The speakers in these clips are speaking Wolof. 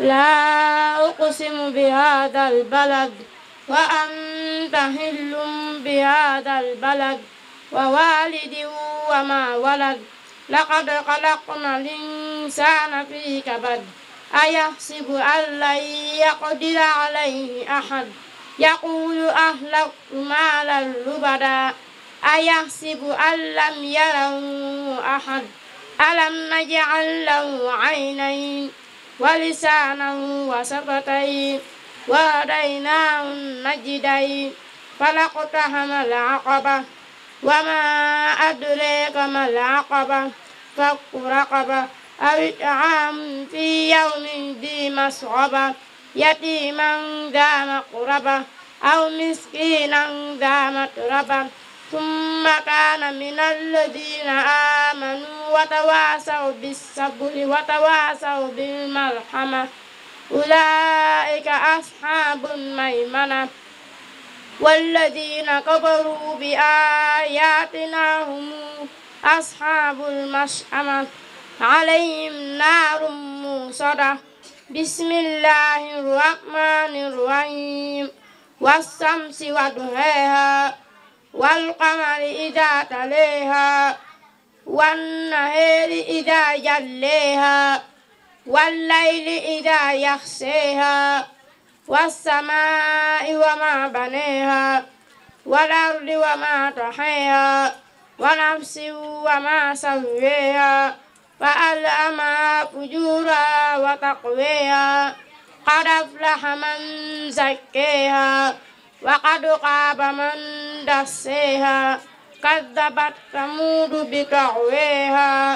لا أقسم بهذا البلد وأنت حل بهذا البلد ووالد وما ولد لقد خلقنا الإنسان في كبد أيحسب أن لن يقدر عليه أحد يقول أهلك مالا لبدا أيحسب أن لم يره أحد ألم نجعل له عينين ولسانا وسقطين وهديناه النجدين فلاقتحم العقبة وما أدريك ما العقبة فك رقبة أو إطعام في يوم ذي مسعبة يتيما ذا مقربة أو مسكينا ذا متربة ثم كان من الذين آمنوا وتواصوا بالصبر وتواصوا بالمرحمة أولئك أصحاب الميمنة والذين كفروا بآياتنا هم أصحاب المشأمة عليهم نار موصدة بسم الله الرحمن الرحيم والشمس وضحاها والقمر إذا تليها والنهار إذا جليها والليل إذا يخسيها والسماء وما بنيها والأرض وما طحيها ونفس وما سويها فألهمها فجورها وتقويها قد أفلح من زكيها وقد خاب من دسيها كذبت ثمود بطغويها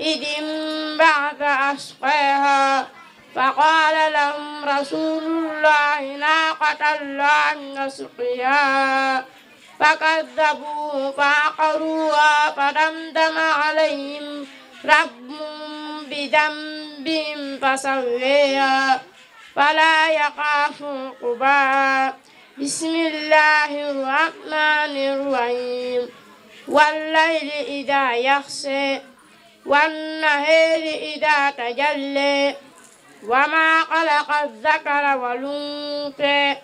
إذ انبعث أشقاها فقال لهم رسول الله ناقة الله وسقياها فكذبوه فعقروها فدمدم عليهم ربهم بذنبهم فسويها فلا يخاف عقباها بسم الله الرحمن الرحيم والليل إذا يغشى والنهار إذا تجلى وما خلق الذكر والأنثى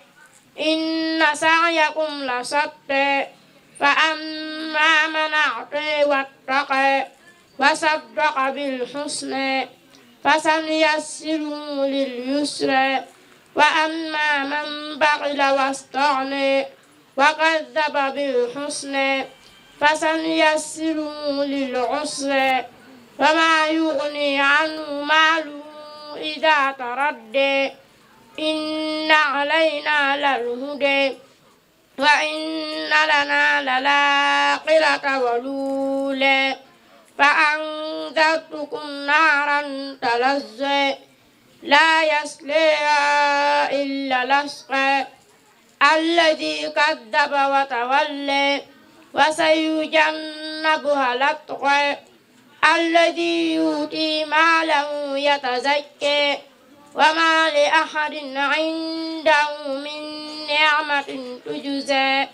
إن سعيكم لشتى فأما من أعطي واتقى وصدق بالحسنى فسنيسره لليسرى وأما من بخل واستغنى وكذب بالحسنى فسنيسره للعسرى فما يغني عنه ماله إذا تردى إن علينا للهدى وإن لنا للآخرة والأولى فأنذرتكم نارا تلظى لا يصليها إلا الأشقى الذي كذب وتولى وسيجنبها الأتقى الذي يؤتي ماله يتزكى وما لأحد عنده من نعمة تجزى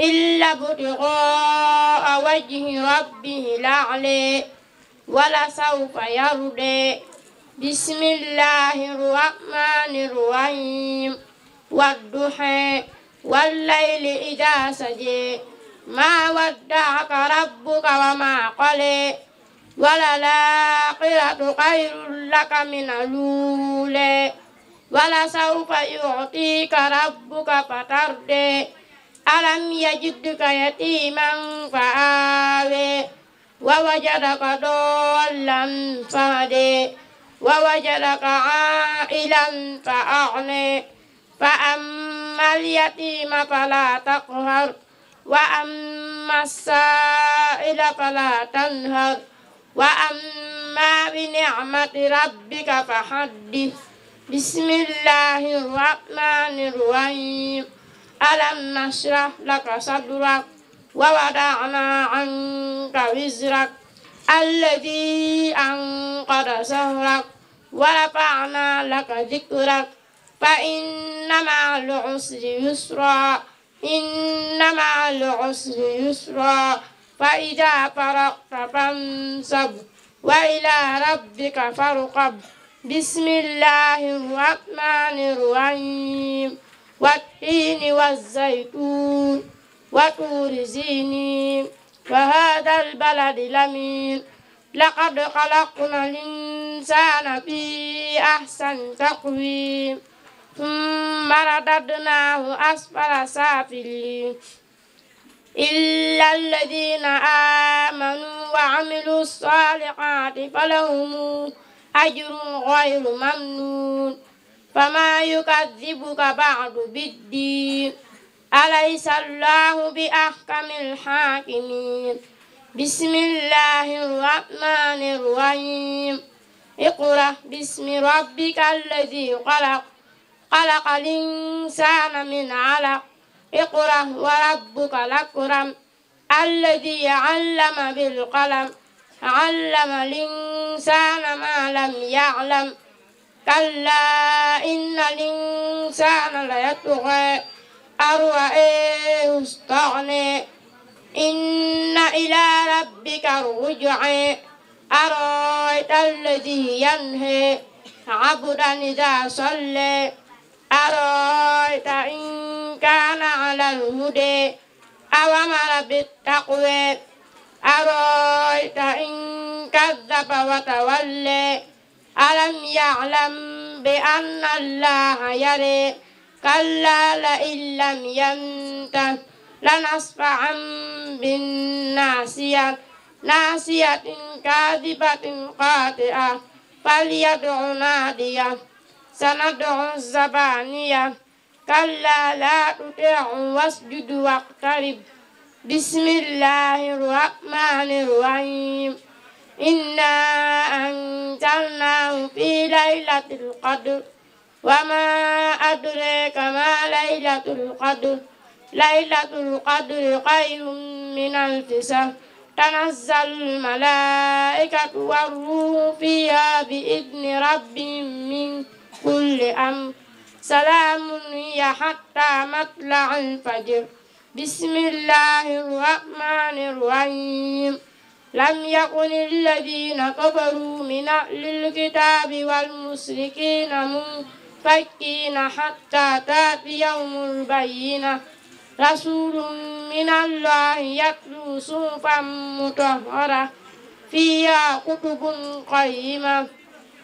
إلا ابتغاء وجه ربه الأعلى ولسوف يرضي بسم الله الرحمن الرحيم والضحى والليل إذا سجى ما ودعك ربك وما قلى وللآخرة خير لك من الأولى ولسوف يعطيك ربك فترضى ألم يجدك يتيما فآوى ووجدك ضالا فهدي ووجدك عائلا فأغني فأما اليتيم فلا تقهر وأما السائل فلا تنهر وأما بنعمة ربك فحدث بسم الله الرحمن الرحيم ألم نشرح لك صدرك ووضعنا عنك وزرك الذي أنقض ظهرك ورفعنا لك ذكرك فإن مع العسر يسرا إن مع العسر يسرا فإذا فرغت فانصب وإلى ربك فارقب بسم الله الرحمن الرحيم والتين والزيتون وطور زينين وهذا البلد الأمين لقد خلقنا الإنسان في أحسن تقويم ثم رددناه أسفل سافلين إلا الذين آمنوا وعملوا الصالحات فلهم أجر غير ممنون فما يكذبك بعد بالدين أليس الله بأحكم الحاكمين بسم الله الرحمن الرحيم اقرأ باسم ربك الذي خلق خلق الإنسان من علق اقرأ وربك الأكرم الذي علم بالقلم علم الإنسان ما لم يعلم كلا إن الإنسان ليطغى أرآه استغني إن إلى ربك الرجع أرأيت الذي ينهي عبدا إذا صلى أرأيت إن كان على الهدى أو أمر بالتقوى أرأيت إن كذب وتولى ألم يعلم بأن الله يري كلا لئن لم ينته لنصفعا بالناصية ناصية كاذبة قاطئة فليدع نادية سندع الزبانية كلا لا تطع واسجد واقترب بسم الله الرحمن الرحيم إنا أنزلناه في ليلة القدر وما أدريك ما ليلة القدر ليلة القدر خير من ألف سنة تنزل الملائكة والروح فيها بإذن ربهم من كل أمر سلام هي حتى مطلع الفجر بسم الله الرحمن الرحيم لم يكن الذين كفروا من أهل الكتاب والمشركين منفكين حتى تأتي يوم البينة رسول من الله يتلو صحفا مطهرة فيها كتب قيمة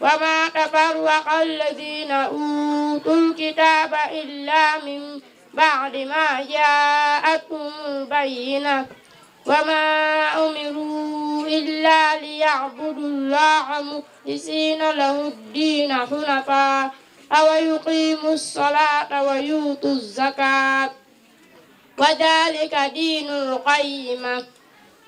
وما تفرق الذين أوتوا الكتاب إلا من بعد ما جاءتهم البينة وما أمروا إلا ليعبدوا الله مخلصين له الدين حنفاء ويقيموا الصلاة ويؤتوا الزكاة وذلك دين القيمة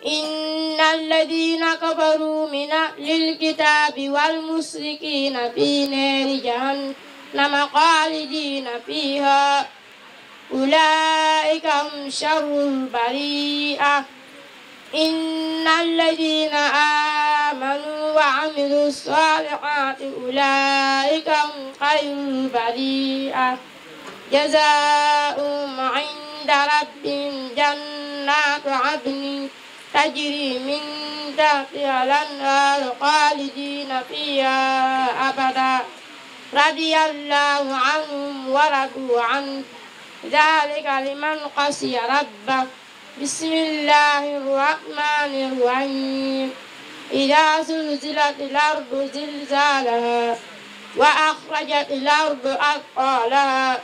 إن الذين كفروا من أهل الكتاب والمشركين في نار جهنم خالدين فيها أولئك هم شر البريئة إن الذين آمنوا وعملوا الصالحات أولئك هم خير البريئة جزاؤهم عند عند ربهم جنات عدن تجري من تحتها الأنهار خالدين فيها أبدا رضي الله عنهم ورضوا عنه ذلك لمن قسي ربه بسم الله الرحمن الرحيم إذا زلزلت الأرض زلزالها وأخرجت الأرض أثقالها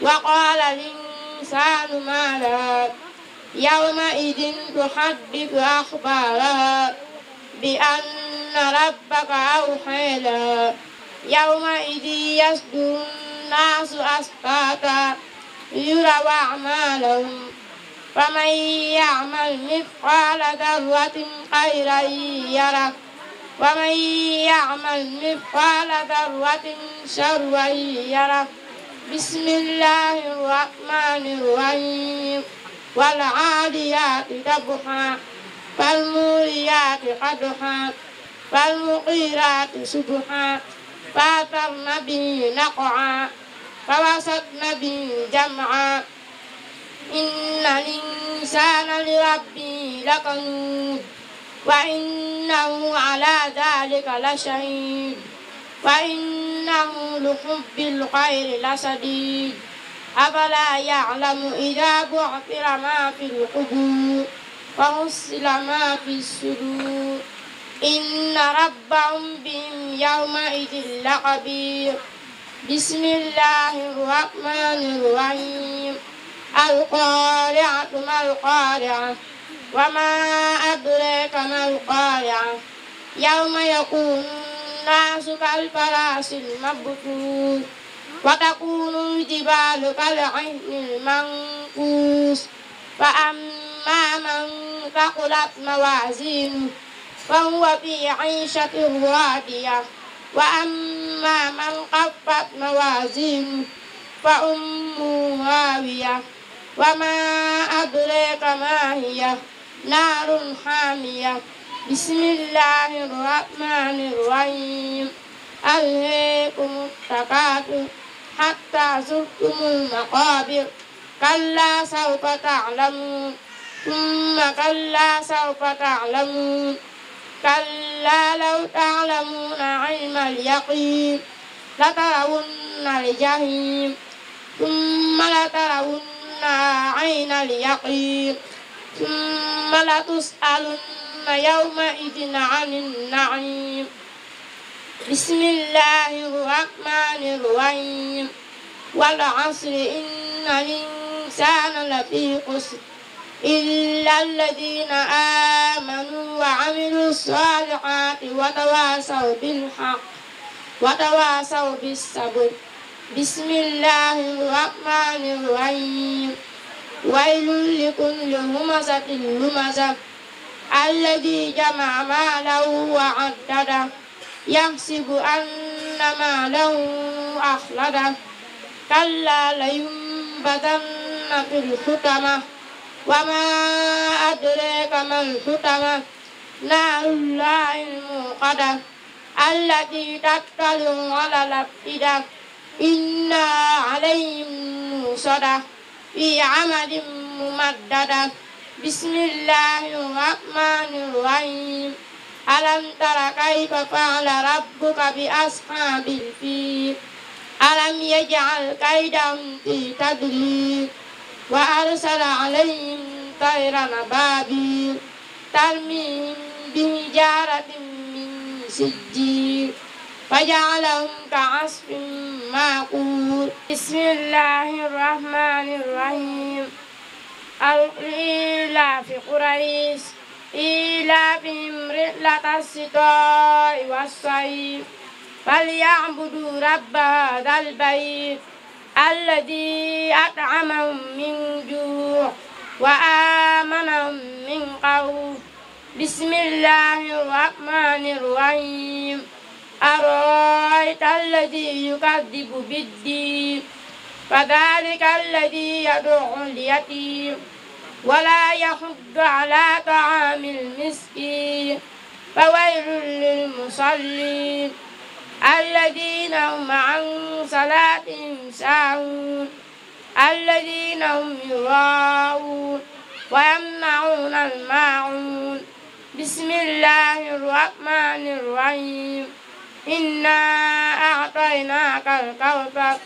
وقال للناس الإنسان ما لها يومئذ تحدث أخبارها بأن ربك أوحى لها يومئذ يصدر الناس أشتاتا ليروا أعمالهم فمن يعمل مثقال ذرة خيرا يره ومن يعمل مثقال ذرة شرا يره بسم الله الرحمن الرحيم والعاديات ضبحا فالموريات قدحا فالمغيرات سبحا فأثرن به نقعا فوسطن به جمعا إن الإنسان لربه لكنود وإنه على ذلك لشهيد وإنه لحب الخير لشديد أفلا يعلم إذا بعثر ما في القبور وحصل ما في الصدور إن ربهم بهم يومئذ لخبير بسم الله الرحمن الرحيم القارعة ما القارعة وما أدريك ما القارعة يوم يكون الناس كالفراش المبثوث وتكون الجبال كالعهن المنقوص فأما من ثقلت موازينه فهو في عيشة راضية وأما من خفت موازينه فأمه هاوية وما أدريك ما هي نار حامية بسم الله الرحمن الرحيم ألهيكم التكاثر حتى زرتم المقابر كلا سوف تعلمون ثم كلا سوف تعلمون كلا لو تعلمون علم اليقين لترون الجحيم ثم لترون عين اليقين ثم لتسألن يومئذ عن النعيم بسم الله الرحمن الرحيم والعصر إن الإنسان لفي خسر إلا الذين آمنوا وعملوا الصالحات وتواصوا بالحق وتواصوا بالصبر بسم الله الرحمن الرحيم ويل لكل همزة همزة الذي جمع ماله وعدده يحسب أن ماله أخلده كلا لينبذن في الحطمة وما أدريك ما الحطمة نار الله الموقدة التي تطلع على الأفئدة إنا عليهم موصدة في عمد ممددة بسم الله الرحمن الرحيم ألم تر كيف فعل ربك بأصحاب الفيل ألم يجعل كيدهم في تدليل وأرسل عليهم طيرا أبابيل ترميهم بحجارة من سجيل فجعلهم كعصف معقول بسم الله الرحمن الرحيم أو إيلاف قريش إيلافهم رحلة الشتاء والصيف فليعبدوا رب هذا البيت الذي أطعمهم من جوع وآمنهم من خوف بسم الله الرحمن الرحيم أرأيت الذي يكذب بالدين فذلك الذي يدعو اليتيم ولا يحض على طعام المسكين فويل للمصلين الذين هم عن صلاتهم ساهون الذين هم يراءون ويمنعون الماعون بسم الله الرحمن الرحيم إنا أعطيناك الكوثر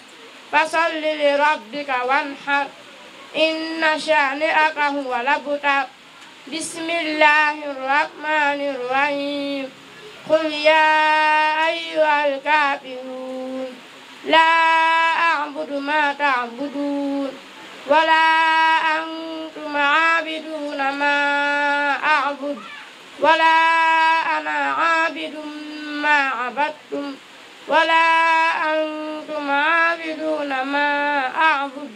فصل لربك وانحر إن شانئك هو الأبتر بسم الله الرحمن الرحيم قل يا أيها الكافرون لا أعبد ما تعبدون ولا أنتم عابدون ما أعبد ولا أنا عابد ما عبدتم ولا أنتم عابدون ما أعبد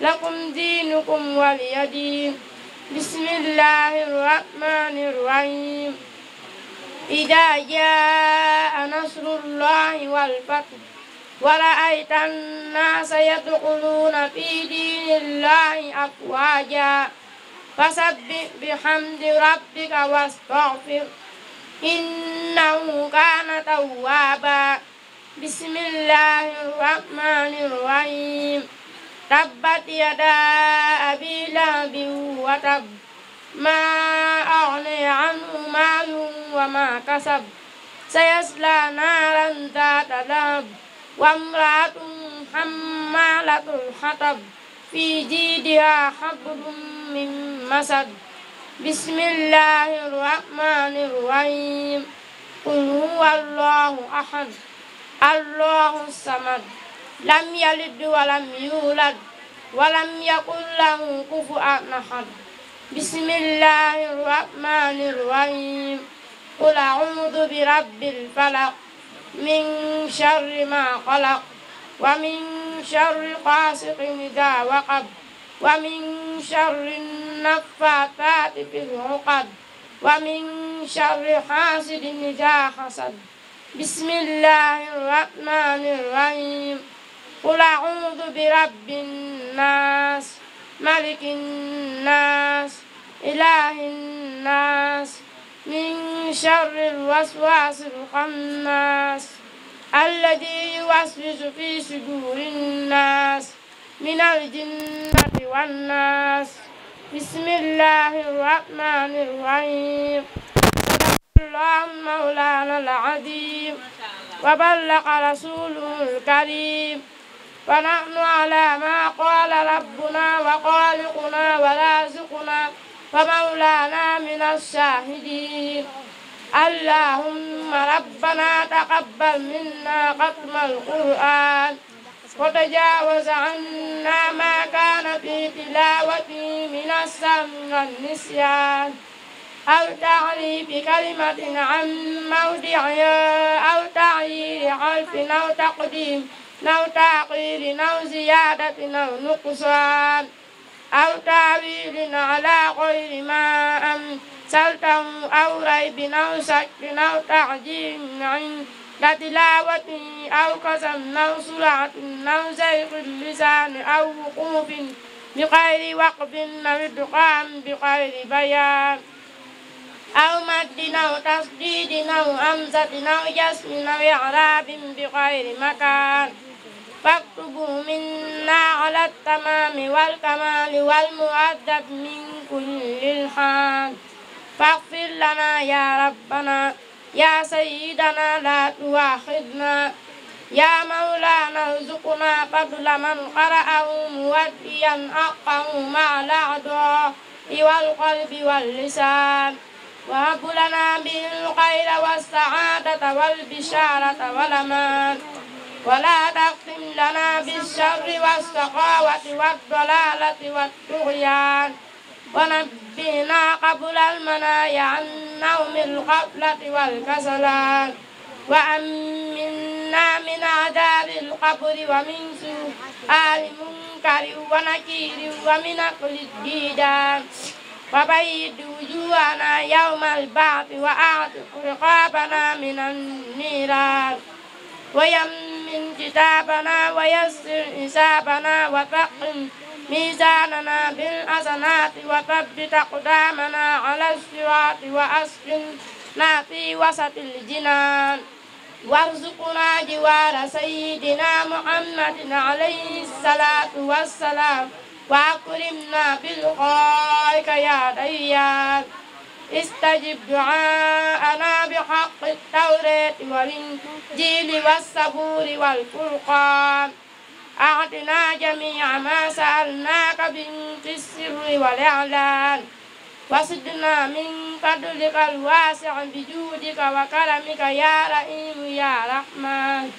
لكم دينكم ولي دين بسم الله الرحمن الرحيم إذا جاء نصر الله والفتح ورأيت الناس يدخلون في دين الله أفواجا فسبح بحمد ربك واستغفر إنه كان توابا بسم الله الرحمن الرحيم تبت يدا أبي لهب وتب ما أغني عنه ماله وما كسب سيصلى نارا ذات لهب وامرأة حمالة الحطب في جيدها حبل من مسد بسم الله الرحمن الرحيم قل هو الله أحد الله الصمد لم يلد ولم يولد ولم يكن له كفؤا أحد بسم الله الرحمن الرحيم قل أعوذ برب الفلق من شر ما خلق ومن شر غاسق إذا وقب ومن شر النفاثات في العقد ومن شر حاسد إذا حسد بسم الله الرحمن الرحيم قل أعوذ برب الناس ملك الناس إله الناس من شر الوسواس الخناس الذي يوسوس في صدور الناس من الجنة والناس بسم الله الرحمن الرحيم الله مولانا العظيم وبلغ رسوله الكريم ونحن على ما قال ربنا وخالقنا ورازقنا ومولانا من الشاهدين اللهم ربنا تقبل منا ختم القرآن وتجاوز عنا ما كان في تلاوته من السم والنسيان أو تحريف كلمة عن موضعها أو تغيير حرف أو تقديم أو تأخير أو زيادة أو نقصان أو تعبير على غير ما أمثلته أو ريب أو شك أو تعجيل عند تلاوة أو قسم أو سرعة أو زيغ اللسان أو وقوف بغير وقف أو إدغام بغير بيان أو مد أو تسديد أو همزة أو جسم أو إعراب بغير مكان فاكتبوا منا على التمام والكمال والمؤدب من كل الحال فاغفر لنا يا ربنا يا سيدنا لا تواخذنا يا مولانا ارزقنا قبل من قرأه موديا حقه مع الأعداء والقلب واللسان وهب لنا به الخير والسعادة والبشارة والأمان ولا تختم لنا بالشر والسخاوة والضلالة والطغيان ونبهنا قبل المنايا عن نوم الغفلة والكسلان وأمنا من عذاب القبر ومن سوء آل منكر ونكير ومن كل الديدان وبيد وجوهنا يوم البعث وأعتق رقابنا من النيران ويمن كتابنا ويسر حسابنا وفقم ميزاننا بالحسنات وثبت أقدامنا على الصراط وأسكننا في وسط الجنان وارزقنا جوار سيدنا محمد عليه الصلاة والسلام وأكرمنا بلقائك يا ديان استجب دعاءنا بحق التوراة والإنجيل والزبور والفرقان أعطنا جميع ما سألناك بنت السر والإعلان وصدنا من فضلك الواسع بجودك وكرمك يا رحيم يا رحمن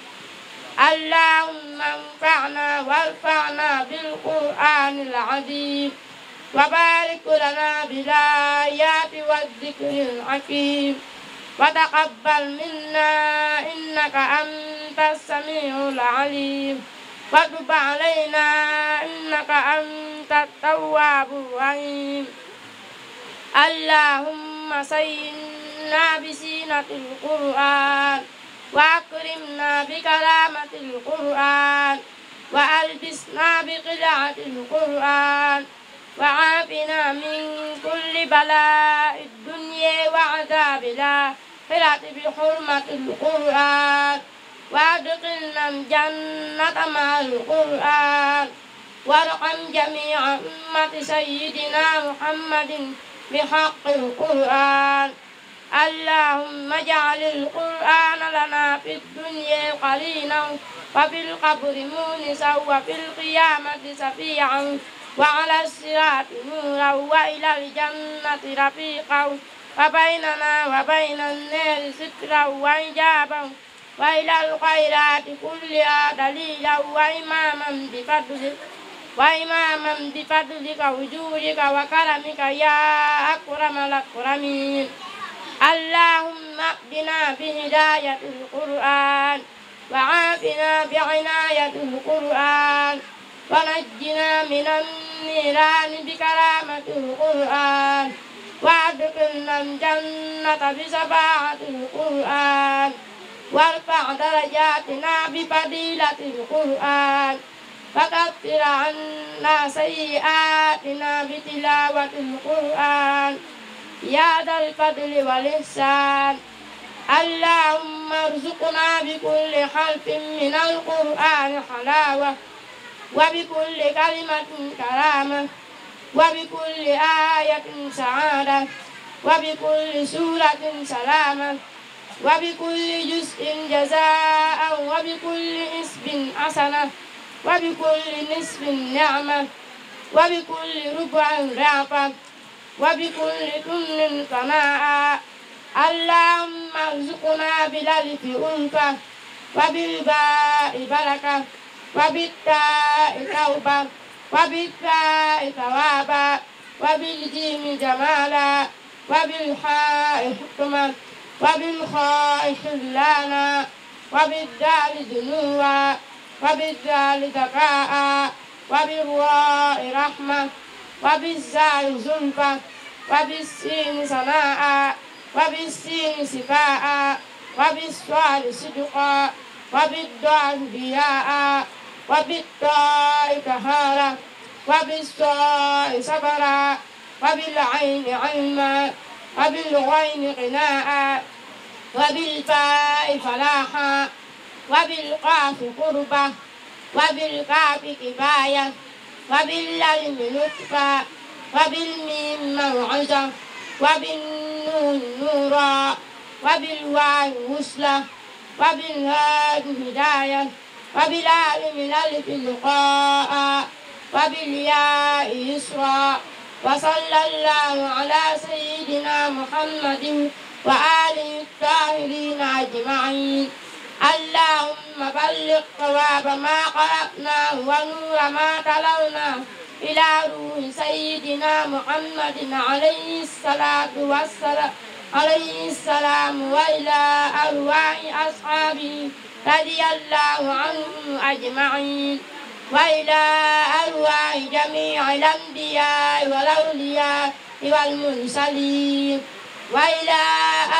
اللهم انفعنا وارفعنا بالقرآن العظيم وبارك لنا بالآيات والذكر الحكيم وتقبل منا إنك أنت السميع العليم وتب علينا إنك أنت التواب الرحيم اللهم سينا بزينة القرآن وأكرمنا بكرامة القرآن وألبسنا بقلاعة القرآن وعافنا من كل بلاء الدنيا وعذاب الآخرة بحرمة القرآن وأدخلنا الجنة مع القرآن وارحم جميع أمة سيدنا محمد بحق القرآن اللهم اجعل القرآن لنا في الدنيا قرينا وفي القبر مونسا وفي القيامة سفيعا وعلى الصراط نورا وإلى الجنة رفيقا وبيننا وبين النار سترا وإجابا وإلى الخيرات كلها دليلا وإماما بفضلك وإماما بفضلك وجودك وكرمك يا أكرم الأكرمين اللهم اهدنا بهداية القرآن وعافنا بعناية القرآن ونجنا من النيران بكرامة القرآن وادخلنا الجنة بشفاعة القرآن وارفع درجاتنا بفضيلة القرآن فكفر عنا سيئاتنا بتلاوة القرآن يا ذا الفضل والإحسان اللهم ارزقنا بكل حرف من القرآن حلاوة وبكل كلمة كرامة وبكل آية سعادة وبكل سورة سلامة وبكل جزء جزاء وبكل نسب حسنة وبكل نسب نعمة وبكل ربع رعفة وبكل كل سماء اللهم ارزقنا بالالف انفه وبالباء بركه وبالتاء توبه وبالثاء ثوابا وبالجيم جمالا وبالحاء حكما وبالخاء خلانا وبالدال دنوا وبالدال ذكاء وبالراء رحمه وبالزار زلفى وبالسين صناعا وبالسين سفاء وبالسؤال صدقا وبالدعاء ضياء وبالطاء طهارا وبالصاء صبرا وبالعين علما وبالغين غناء وبالفاء فلاحا وبالقاف قربة وبالقاف كفاية وبالعلم نطفا وبالميم موعظة وبالنون نورا وبالواو وصلة وبالهاد هداية وبالآل من ألف لقاء وبالياء يسرا وصلى الله على سيدنا محمد وآله الطاهرين أجمعين اللهم بلغ ثواب ما قرأناه ونور ما تلوناه إلى روح سيدنا محمد عليه الصلاة والسلام عليه السلام وإلى أرواح أصحابه رضي الله عنهم أجمعين وإلى أرواح جميع الأنبياء والأولياء والمرسلين وإلى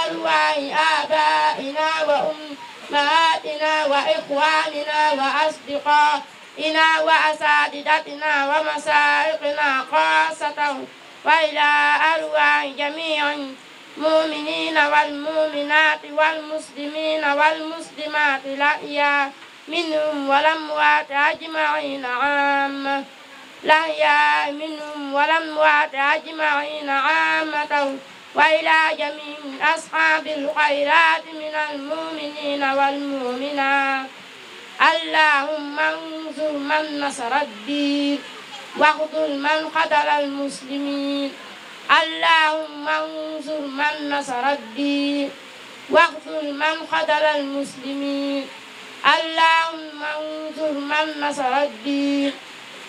أرواح آبائنا وأمهاتنا أبنائنا وإخواننا وأصدقائنا وأساتذتنا ومشايخنا خاصة وإلى أرواح جميع المؤمنين والمؤمنات والمسلمين والمسلمات الأحياء منهم والأموات أجمعين عامة الأحياء منهم والأموات أجمعين عامة وإلى جميع أصحاب الخيرات من المؤمنين والمؤمنات اللهم انصر من نصر الدين واخذل من خذل المسلمين اللهم انصر من نصر الدين واخذل من خذل المسلمين اللهم انصر من نصر الدين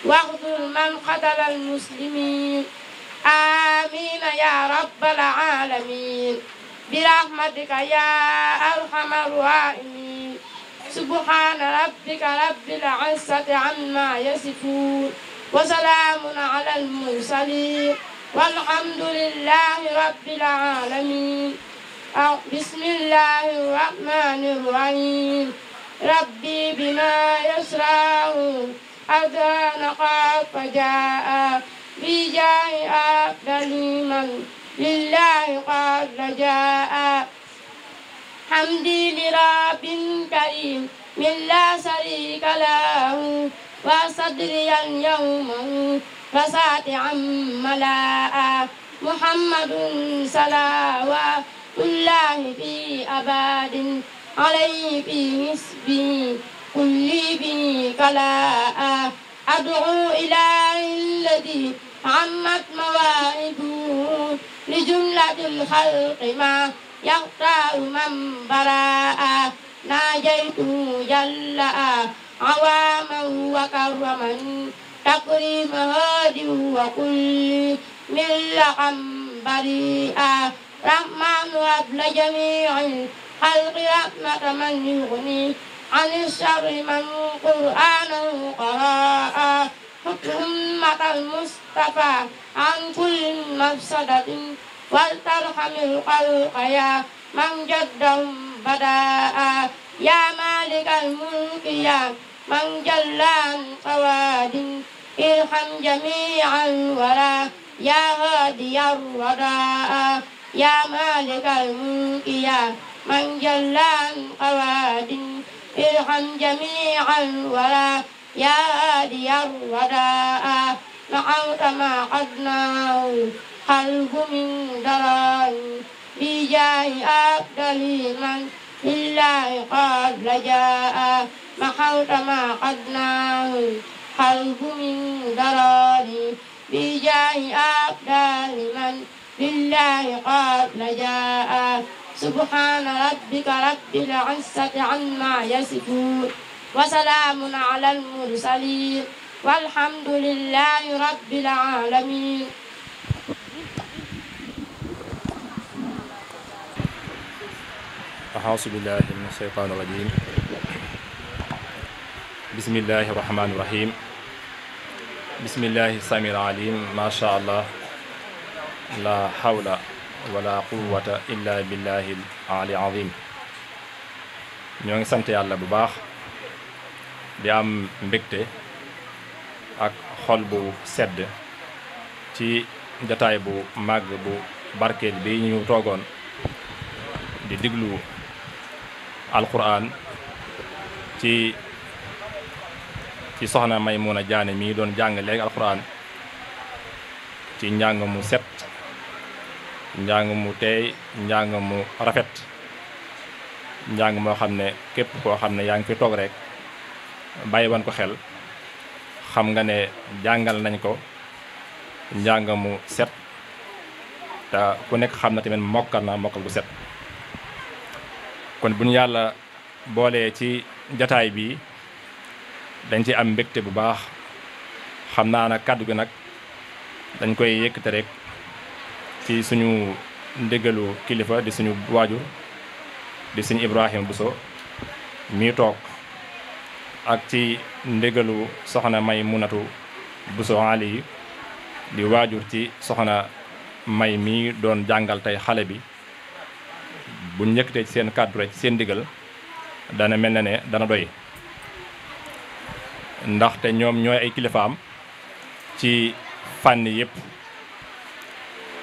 واخذل من خذل المسلمين آمين يا رب العالمين برحمتك يا أرحم الراحمين سبحان ربك رب العزة عما يصفون وسلام على المرسلين والحمد لله رب العالمين بسم الله الرحمن الرحيم ربي بما يسراه أذان قد فجاء بجاه أفضل من لله قد رجاء حمدي لرب كريم من لا شريك له وصدريا يوما فساتعا ملاء محمد صلوات الله في أباد عليه في حسبي كل بي كلاء أدعو إلهي الذي عمت مواهبه لجملة الخلق ما يختار من براء ناجيته جل عواما وكرما تكريم هادي وكل من لقم بريئا رحمن وابل جميع الخلق رحمة من يغنيه عن الشر من قرآنه قراء حكمة المصطفى عن كل مفسدة ولترحم الخلق يا من جدهم بداء يا مالك الملك يا من جل عن قواد ارحم جميع الورى يا هادي الرداء يا مالك الملك يا من جل عن قواد ارحم جميعا ولا يا هادي الرداء نحوت ما قدناه خلق من دران بجاه أفضل من لله قد لجاء محوت ما قدناه خلق من دران بجاه أفضل من لله قد لجاء سبحان ربك رب العزة عما يصفون وسلام على المرسلين والحمد لله رب العالمين أعوذ بالله من الشيطان الرجيم بسم الله الرحمن الرحيم بسم الله السميع العليم ما شاء الله لا حول wala quwata illa billahi ali azim ñoo ngi sant yàlla bu baax di am mbégte ak xol bu sedd ci jataay bu màgg bu barkeel bi ñu toogoon di diglu alquran ci ci soxna a Jaane mi doon jàng léegi alquran ci njàng mu set njàng mu teey njàng mu rafet njàng moo xam ne képp koo xam ne yaa ngi fi toog rek bàyyi wan ko xel xam nga ne jàngal nañ ko njàng mu set te ku nekk xam na tamit mokkal na mokkal bu set kon bu ñu yàlla boolee ci jataay bii dañ ci am mbégte bu baax xam naa na kàddu gi nag dañ koy yëkkate rek ci suñu ndéggalu kilifa di suñu waajur di suñu Ibrahima Bousso mii toog ak ci ndéggalu soxna May Munatu Bousso Ali di waajur ci soxna May mii doon jàngal tey xale bi bu njëkkatee ci seen kàddu rek seen ndigal dana mel na ne dana doy ndaxte ñoom ñooy ay kilifaam ci fànn yépp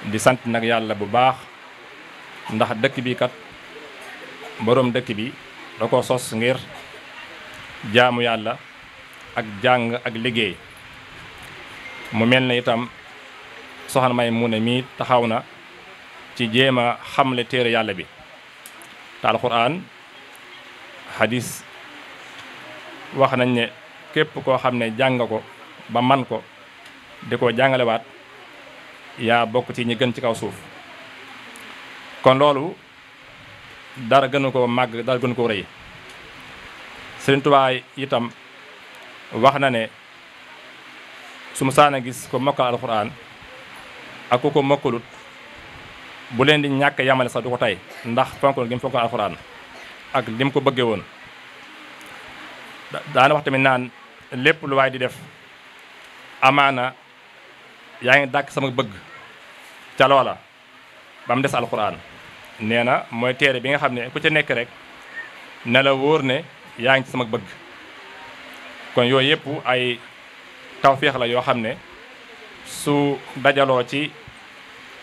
di sant nag yàlla bu baax ndax dëkk bi kat boroom dëkk bi da ko sos ngir jaamu yàlla ak jàng ak liggéey mu mel na itam soxna May mu ne mii taxaw na ci jéem a xamle téere yàlla bi te alxuraan hadis wax nañ ne képp koo xam ne jàng ko ba man ko di ko jàngalewaat yaa bokk ci ñi gën ci kaw suuf kon loolu dara gënu ko màgg dara gënu ko rëy Sëriñ Tuubaa itam wax na ne su ma saana gis ko mokkal alxuraan ak ku ko mokkalut bu leen di ñàkk yamale sax du ko tey ndax fonkoon gi mu fonkoon alxuraan ak lim ko bëggee woon daana wax tamit naan lépp lu waay di def amaana yaa ngi dàkk sama bëgg ca loola ba mu des alquran nee na mooy téere bi nga xam ne ku ca nekk rek na la wóor ne yaa ngi ci sama bëgg kon yooyu yëpp ay tawféex la yoo xam ne su dajaloo ci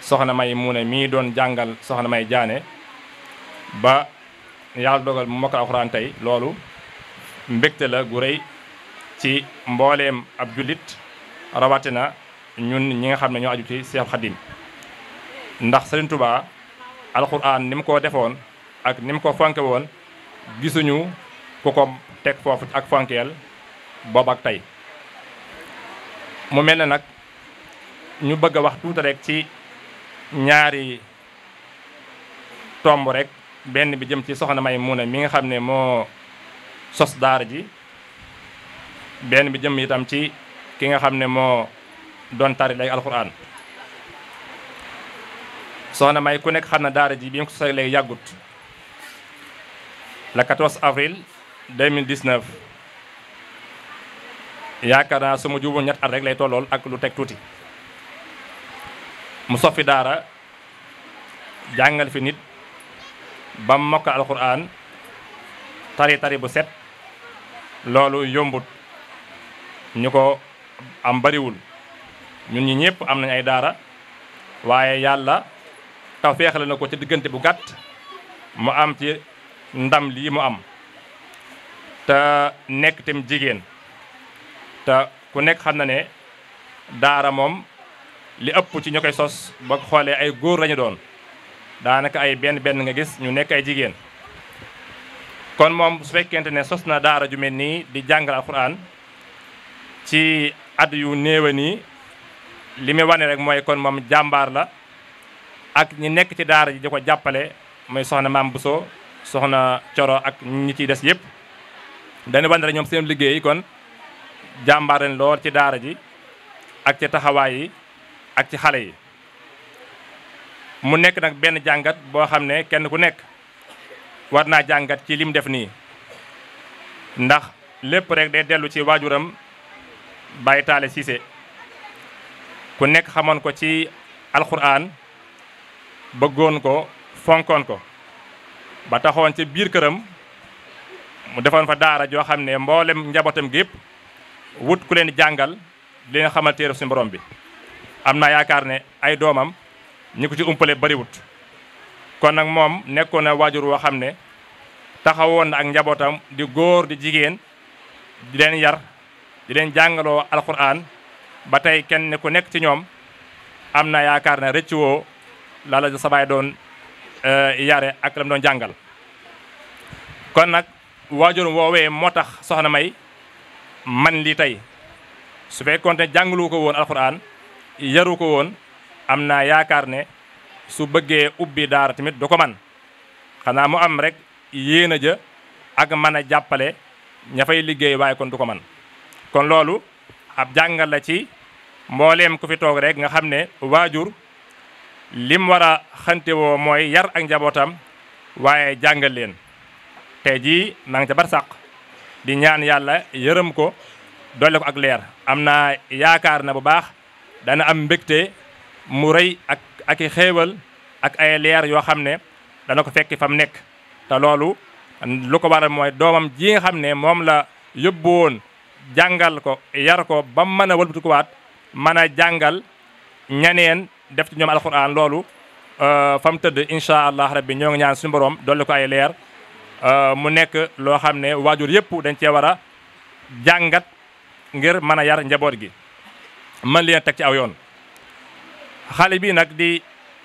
soxna may mu ne mii doon jàngal soxna may jaane ba yàlla dogal mu mokkal alxuraan tey loolu mbégte la gu rëy ci mbooleem ab jullit rawatina ñun ñi nga xam ne ñoo aju ci Seexul ndax Serigne Touba alxuraan ni mu ko defoon ak ni mu ko fonke woon gisuñu ku ko teg foofu ak fonkeel booba ak tey mu mel ne nag ñu bëgg a wax tuuti rek ci ñaari tomb rek benn bi jëm ci soxna May Muuna mi nga xam ne moo sos daara ji benn bi jëm itam ci ki nga xam ne moo doon tari lay alxuraan soxna may ku nekk xam na daara ji bi ñu ko sosee léegi yàggut le 14 avril 2019 yaakaar naa su ma juumul ñett at rek lay tollool ak lu teg tuuti mu sof daara jàngal fi nit ba mokk alxuraan tari tari bu set loolu yombut ñu ko am bariwul ñun ñi ñëpp am nañ ay daara waaye yàlla taw feexale na ko ci diggante bu gàtt mu am ci ndam lii mu am te nekk tam jigéen te ku nekk xam na ne daara moom li ëpp ci ñu koy sos ba xoolee ay góor lañu doon daanaka ay benn benn nga gis ñu nekk ay jigéen kon moom su fekkente ne sos na daara ju mel nii di jàngal alxuraan ci at yu néew nii li muy wane rek mooy kon moom jàmbaar la ak ñi nekk ci daara ji di ko jàppale muy soxna maam so soxna Coro ak ñi ciy des yëpp dañu wane rek ñoom seen liggéey kon jàmbaar leen lool ci daara ji ak ci taxawaay yi ak ci xale yi mu nekk nag benn jàngat boo xam ne kenn ku nekk war naa jàngat ci lim def nii ndax lépp rek day dellu ci waajuram Baye Taale Cissé ku nekk xamoon ko ci alxuraan bëggoon ko fonkoon ko ba taxoon ci biir këram mu defoon fa daara joo xam ne mboolem njabootam gépp wut ku leen jàngal li nga xamal téere bi am na yaakaar ne ay doomam ñi ko ci umpale bariwut kon nag moom nekkoon na waajur woo xam ne taxawoon na ak njabootam di góor di jigéen di leen yar di leen jàngaloo alxuraan ba tey kenn ku nekk ci ñoom am na yaakaar ne rëccuwoo la la sa baay doon eh, yare ak lam doon jàngal kon nag waajur woowee moo tax soxna may man lii tey su fekkoon ne jàngalu ko woon alxuraan yaru ko woon am naa yaakaar ne su bëggee ubbi daara tamit du ko man xanaa mu am rek yéen a jë ak mën a jàppale ña fay liggéey waaye kon du ko man kon loolu ab jàngal la ci mbooleem ku fi toog rek nga xam ne waajur lim war a woo mooy yar ak njabootam waaye jàngal leen tey jii maa bar ca di ñaan yàlla yërëm ko doole ko ak leer am naa yaakaar na bu baax dana am mbégte mu rëy ak ak i ak ay leer yoo xam ne dana ko fekki fa mu nekk te loolu lu ko waral mooy doomam ji nga xam ne moom la yóbbu woon jàngal ko yar ko ba mën a wëlbatikuwaat mën a jàngal ñaneen def ci ñoom alxuraan loolu euh, fa mu tëdd incha allah rabbi ñoo ngi ñaan suñu borom dolli ko ay leer euh, mu nekk loo xam ne waajur yëpp dañ cee war a jàngat ngir mën a yar njaboot gi mën leen teg ci aw yoon xale bi nag di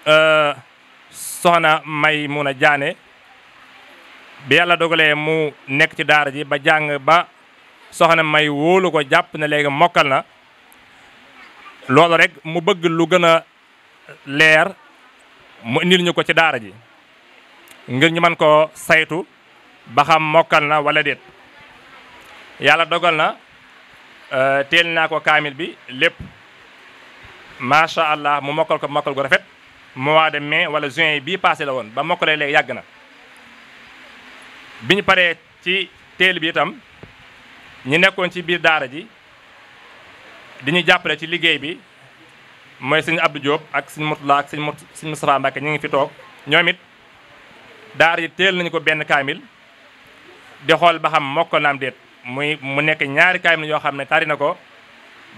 euh, soxna may mun a jaane bi yàlla dogalee mu nekk ci daara ji ba jàng ba soxna may wóolu ko jàpp na léegi mokkal na loolu rek mu bëgg lu gën leer mu indil ñu ko ci daara ji ngir ñu man koo saytu ba xam mokkal na wala déet yàlla dogal na euh, teel naa ko kaamil bi lépp macha allah mu mokkal ko mokkal gu rafet moo mois de mais wala juin bi passé la woon ba mokkalee léegi yàgg na bi ñu paree ci teel bi itam ñu nekkoon ci biir daara ji di ñu jàppale ci liggéey bi mooy sëñ Abdou Diop ak sëñ Mourtala ak sëñ Mout sëñ Moustapha Mbacke ñu ngi fi toog ñoomit it daar yi teel nañu ko benn kaamil di xool ba xam mokkal na am déet muy mu nekk ñaari kaamil yoo xam ne tari na ko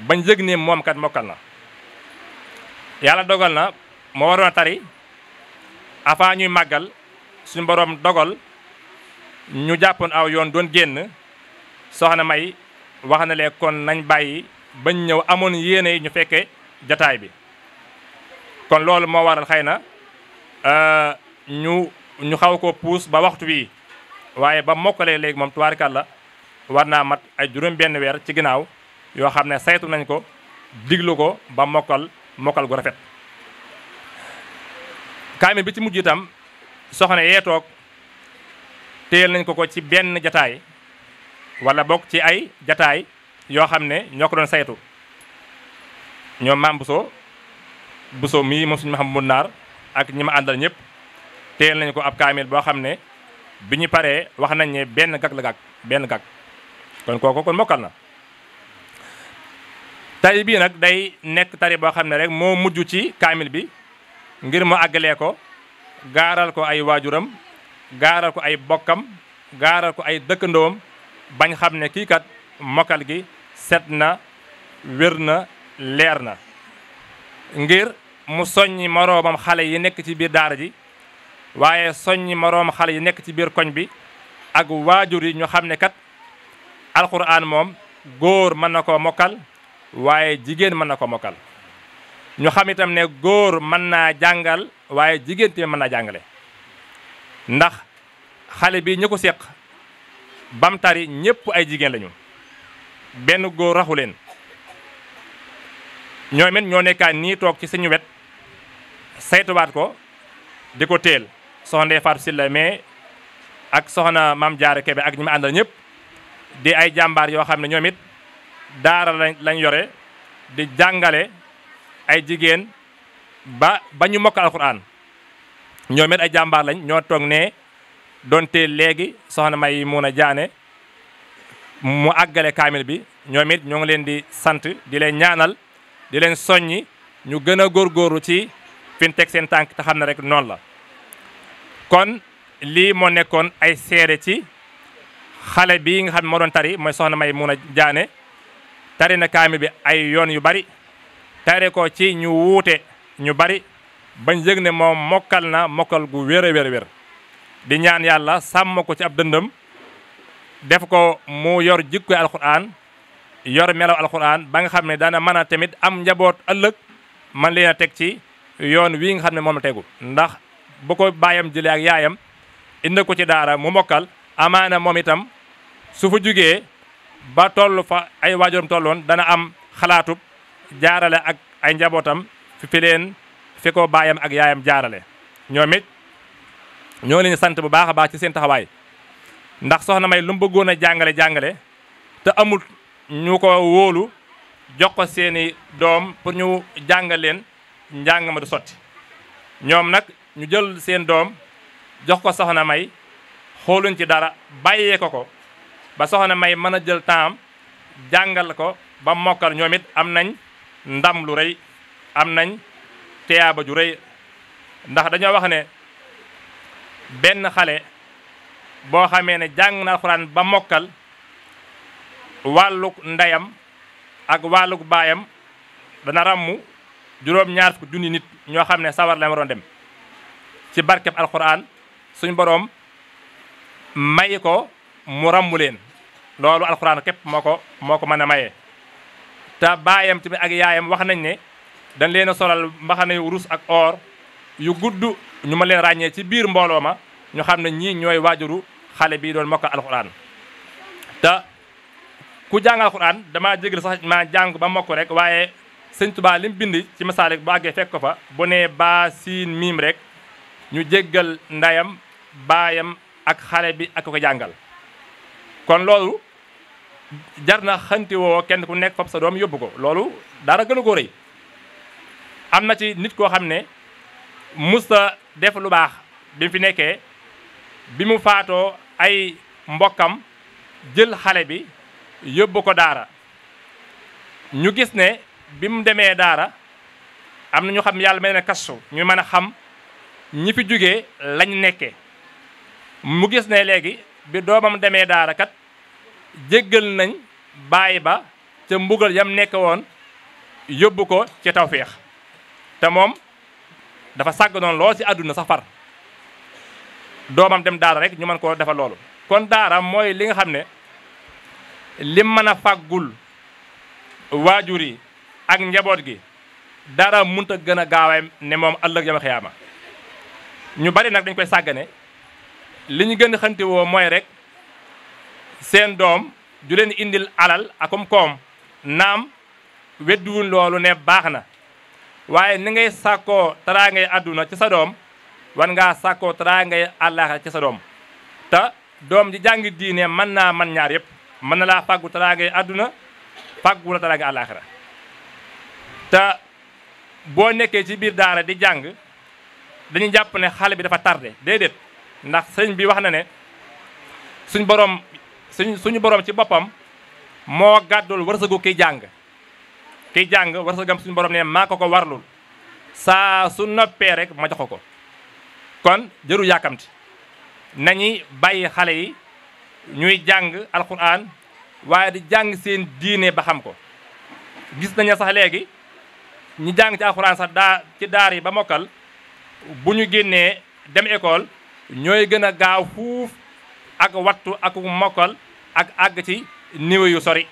bañ yëg ne moom kat mokkal na. yàlla dogal na moo waroon a tari avant ñuy màggal suñu boroom dogal ñu jàppoon aw yoon doon génn soxna May wax na leen kon nañ bàyyi bañ ñëw amoon yéene ñu fekkee. jataay bi kon loolu moo waral xëy na euh, ñu ñu xaw ko puus ba waxtu bii waaye ba mokkalee léegi moom la war naa mat ay juróom benn weer ci ginnaaw yoo xam ne saytu nañ ko diglu ko ba mokkal mokkal gu rafet kaamil bi ci mujj itam soxna yee toog téyel nañ ko ko ci benn jataay wala bokk ci ay jataay yoo xam ne ñoo ko doon saytu ñoom maam Bousso Bousso mii moom suñu ma xam mu naar ak ñi ma àndal ñépp teel nañu ko ab kaamil boo xam ne bi ñu paree wax nañ ne benn gag la gag benn gag kon kooku kon mokkal na tari bii nag day nekk tari boo xam ne rek moo mujj ci kaamil bi ngir mu àggalee ko gaaral ko ay waajuram gaaral ko ay bokkam gaaral ko ay dëkkandoom bañ xam ne kii kat mokkal gi set na wér na leer na ngir mu soññi moroomam xale yi nekk ci biir daara ji waaye soññi moroom xale yi nekk ci biir koñ bi ak waajur yi ñu xam ne kat alxuraan moom góor mën na ko mokkal waaye jigéen mën na ko mokkal ñu xam itam ne góor mën naa jàngal waaye jigéen tamit mën naa jàngale ndax xale bi ñi ko séq bam tari ñëpp ay jigéen lañu benn góor raxu leen ñoo men ñoo nekkaan nii toog ci suñu wet saytuwaat ko di ko teel soxna Ndeye Fatou Sylla mais ak soxna Mame Diarra Kébé ak ñi ma àndal ñëpp di ay jàmbaar yoo xam ne ñoomit daara lañ lañ yore di jàngale ay jigéen ba ba ñu mokk alquran ñoom ay jàmbaar lañ ñoo toog ne donte léegi soxna May mun a jaane mu àggale kaamil bi ñoomit it ñoo ngi leen di sant di leen ñaanal. di leen soññi ñu gën a góorgóorlu ci fi ñu teg seen tànk te xam ne rek noonu la kon lii moo nekkoon ay seere ci xale bii nga xam ne moo doon tari mooy soxna may mu a jaane tari na kaami bi ay yoon yu bari tari ko ci ñu wuute ñu bari bañ yëg ne moo mokkal na mokkal gu wér a wér wér di ñaan yàlla sàmm ko ci ab dëndam def ko mu yor jikkoy alxuraan yor melaw alxuraan ba nga xam ne dana mën a tamit am njaboot ëllëg man leen a teg ci yoon wii nga xam ne moom la tegu ndax bu ko baayam jëlee ak yaayam indi ko ci daara mu mokkal amaana moom itam su fa jugee ba toll fa ay waajuram tolloon dana am xalaatub jaarale ak ay njabootam fi leen fi baayam ak yaayam jaarale ñoomit it ñoo leen sant bu baax a baax ci seen taxawaay ndax soxna may lu mu bëggoon a jàngale jàngale ñu ko wóolu jox ko seeni doom pour ñu jàng leen njàng ma du sotti ñoom nag ñu jël seen doom jox ko soxna may xooluñ ci dara bàyyee ko ko ba soxna may mën a jël temps jàngal ko ba mokkal ñoomit am nañ ndam lu rëy am nañ teyaaba ju rëy ndax dañoo wax ne benn xale boo xamee ne jàng naa alxuraan ba mokkal wàllug ndeyam ak wàllug baayam dana ràmm juróom ñaar junni nit ñoo xam ne sawar la waroon dem ci barkeb alxuraan suñ boroom mayi ko mu ràmmu leen loolu alxuraan képp moo ko moo ko mën a maye. te baayam tamit ak yaayam wax nañ ne dañ leen a solal mbaxana yu rus ak or yu gudd ñu ma leen ràññee ci biir mbooloo ma ñu xam ne ñii ñooy waajuru xale bii doon mokk alxuraan ku jàng alxuraan damaa jégal sax ma jàng ba mokk rekk waaye sëñ Tuubaa bind ci masaalik bu àggee fekk ko fa bu nee baa siin miim rek ñu jéggal ndayam baayam ak xale bi ak ko jàngal kon loolu jar na xanti woo kenn ku nekk fab sa doom yóbbu ko loolu dara gënu ko rëy am na ci nit koo xam ne musta def lu baax bi fi nekkee bi mu faatoo ay mbokkam jël xale bi yóbbu ko daara ñu gis ne bi mu demee daara am na ñu xam yàlla may na kastu ñu mën a xam ñi fi jógee lañ nekkee mu gis ne léegi bi doomam demee daara kat jéggal nañ bàyyi ba ca mbugal yam nekk woon yóbbu ko ci tawféex te moom dafa sàgg noonu lool ci àdduna sax far doomam dem daara rek ñu mën koo defal loolu kon daara mooy li nga xam ne lim mën a fàggul waajur yi ak njaboot gi dara munta gën a gaawaay ne moom ëllëg yama xiyaama ñu bari nag dañ koy sàggane li ñu gën a xante woo mooy rek seen doom ju leen indil alal akum koom naam wedduwuñ loolu ne baax na waaye ni ngay sàkkoo taraa àdduna ci sa doom war ngaa sàkkoo taraa ngay àllaaxa ci sa doom te doom ji jàngi diine mën naa mën ñaar yëpp mën na laa fàggu taraangay àdduna fàggu la taraangay te boo nekkee ci biir daara di jàng dañuy jàpp ne xale bi dafa tardé déedéet ndax sëñ bi wax na ne suñ boroom suñ suñu borom ci boppam moo gàddul wërsëgu kiy jàng kiy jàng wërsëgam suñu borom ne maa ko ko warlul saa su noppee rek ma jox ko kon jëru yàkkamti nañuy bàyyi xale yi ñuy jàng alquran waaye di jàng seen diine ba xam ko gis nañu sax léegi ñu jàng ci alquran sax daar yi ba mokkal bu ñu génnee dem école ñooy gën a gaaw fuuf ak wattu ak mokkal ak àgg ci niveau yu sori